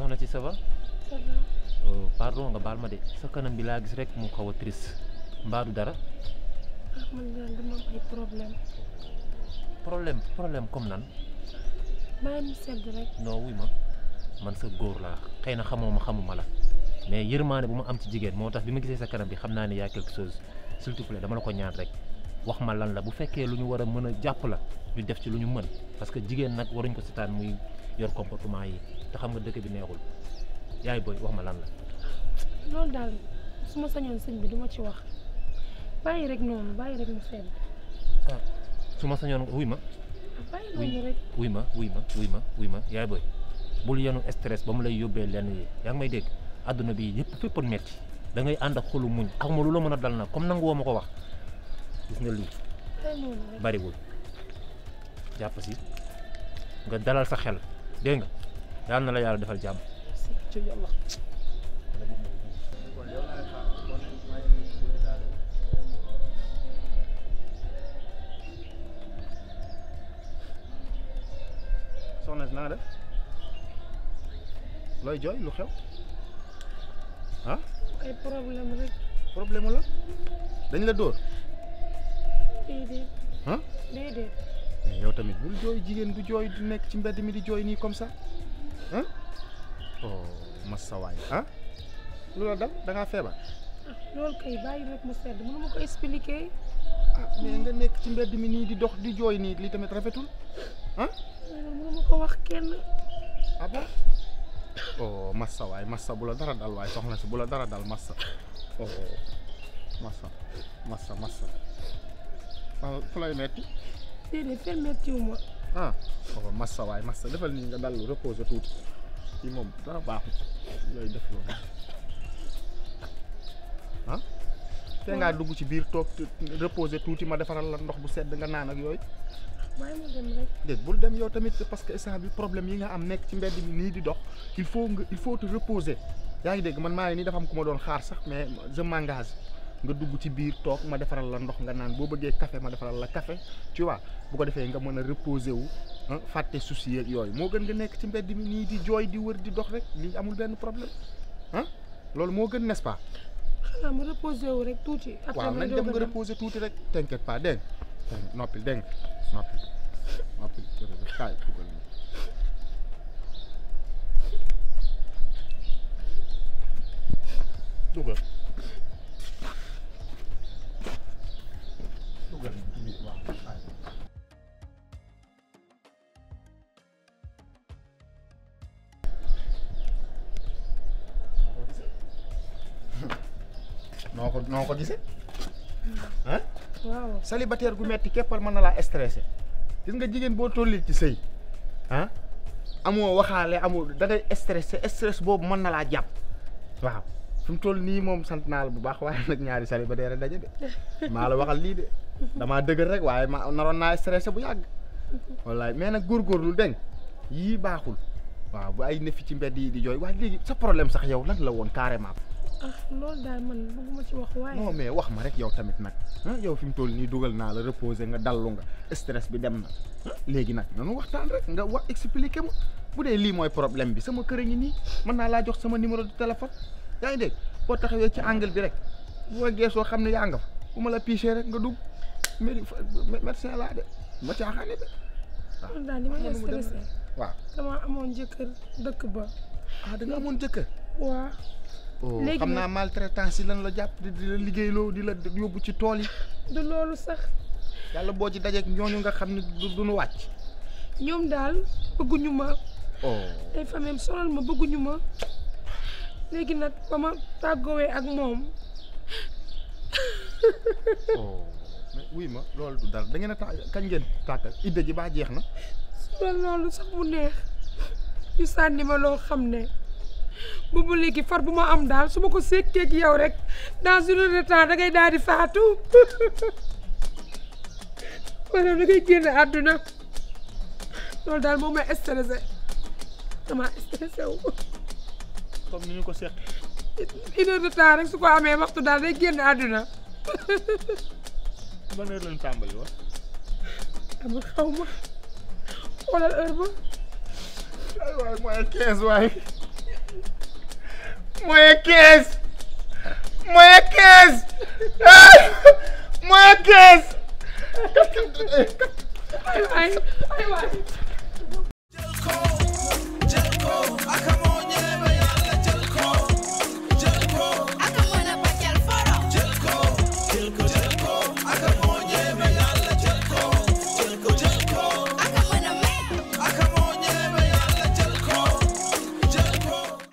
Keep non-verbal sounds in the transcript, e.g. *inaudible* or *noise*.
soxna ci ça va. ça oh, va. pardon nga baal ma de sa kanam bi laa gis rek mu xaw a triste mbaa du dara. Ah, problème. problème comme nan. bàyyi mu sedd rek. non wuy ma man sa góor laa xëy na xamoo ma xamuma la mais yërmaane bu ma am ci jigéen moo tax bi ma gisee sa kanam bi xam naa ne y a quelque chose s'il dama la ko ñaan rek wax ma lan la bu fekkee lu ñu war a mën a jàpp la ñu def ci lu ñu mën parce que jigéen nag waruñ ko setaan muy. yor comportement yi te xam nga dëkk bi neexul yaay booy wax ma lan la. loolu daal su ma sañoon sëñ bi du ci wax bàyyi rek noonu bàyyi rek mu seetlu. Ah, su ma sañoon wuy ma. bàyyi noonu rek wuy ma wuy ma wuy ma wuy ma yaay booy bul yenu stress ba mu lay yóbbee lenn yi yaa ngi may dégg àdduna bi yëpp féppoon metti da ngay ànd ak xolu muñ ak ma lu la mën a dal na comme nangu woo ma ko wax gis nga lii. bariwul jàpp si nga dalal sa xel. dégg nga na la yàlla defal jàmm. soxna si na looy jooy lu xew ah. problème rek. problème la dañ la dóor. déedéet. Ah? yow tamit bu jooy jigéen du jooy du nekk ci mbedd mi di jooy nii comme ça ah oh masawaay ah lu la dal da feebar. Ah, loolu kay bàyyi rek mu sedd mënu ma ko expliquer. ah nga nekk ci mbedd mi nii di dox di jooy nii li tamit rafetul ah. mënu ma ko wax kenn. ah oh, massa waay massa bu la dara dal waay soxla si bu la dara dal massa oh massa massa massa ah, fu lay metti déedéet fenn métti wu ma. ah xaw oh, massa waay massa defal nii nga dallu reposé tuuti ci moom dara ah, baaxul looy def loolu ah. te ngaa dugg ci biir toog reposé tuuti ma defaral la ndox bu sedd nga naan ak yooyu. waaye ma dem rek. déet tamit parce que instant bi problème yi nga am nekk ci mbedd bi nii di dox il faut nga il faut te reposer yaa ngi dégg man maa nii dafa am ku ma doon xaar sax mais je m'engage. nga dugg ci biir toog ma defaral la ndox nga naan boo bëggee café ma defaral la café tu vois bu ko defee nga mën a reposer wu ah, fàtte souci yeeg yooyu moo gën nga nekk ci mbedd mi nii di jooy di wër di dox rek lii amul benn problème ah loolu moo gën n'est-ce pas. xanaa ma reposer wu rek tuuti. waaw nañ dem nga reposer tuuti rek t'inquiète pas dégg nga noppil dégg nga noppil noppil jërëjëf kaay dugal nii. dugal. noo ko ko gisee ah. waaw célibataire gu metti képpal mën na laa stressé gis nga jigéen boo tollit ci sëy ah amoo waxaale amoo da ngay stressé stress boobu mën na laa jàpp waaw fi mu toll nii moom sant naa la bu baax waaye nag ñaari célibataire daje de *laughs* maa la waxal lii de damaa dëgër rek waaye ma naroon naa stressé bu yàgg wallaay mais nag lu dégg yii baaxul waaw bu ay nefi ci mbedd yi di jooy waaye léegi sa problème sax yow lan la woon carrément. ah loolu daal man bëgguma ci wax waaye. non mais wax ma rek yow tamit nag yow fi mu toll nii dugal naa la reposer nga dallu nga stress bi dem na léegi nag na nanu waxtaan rek nga wax expliquer ma bu dee lii mooy problème bi sama kër a ngi nii mën naa laa jox sama numéro de téléphone yaa ngi dégg boo taxawee ci angle bi rek boo geesoo xam ne yaa nga fa bu ma la piché rek nga dugg médecin laa de ma caaxaane de. waaw daal ma la stressé. waaw amoon jëkkër dëkk ba. ah da nga amoon jëkkër. Oh. léegi xam naa maltraitance yi lan la jàpp di la liggéeyloo di la yóbbu ci tool yi. du loolu sax. yàlla boo ci dajeeg ñooñu nga xam ne du duñu wàcc. ñoom daal bëgguñu ma. tey oh. fameem ma bëgguñu ma léegi nag ba ma tàggoowee ak moom. Oh. mais ma loolu du dal da ngeen a kañ ngeen tàkkal idda ji baa jeex na. sonal loolu sax mu neex ñu sànni ma loo xam ne. bu bu léegi far bu ma am daal su ma ko sekkee ak yow rek dans une heure de daal di faatu maanaam *laughs* dangay génn àdduna loolu daal moo may stressé dama stressé wu. comme ni ñu ko seq. une heure rek su ko amee waxtu daal day génn àdduna. *laughs* ban heure tàmbali woon. amul xaw ma xoolal heure mooy quinze waay. Moleques! Moleques! Ah! Moleques! Ai, ai, ai, ai.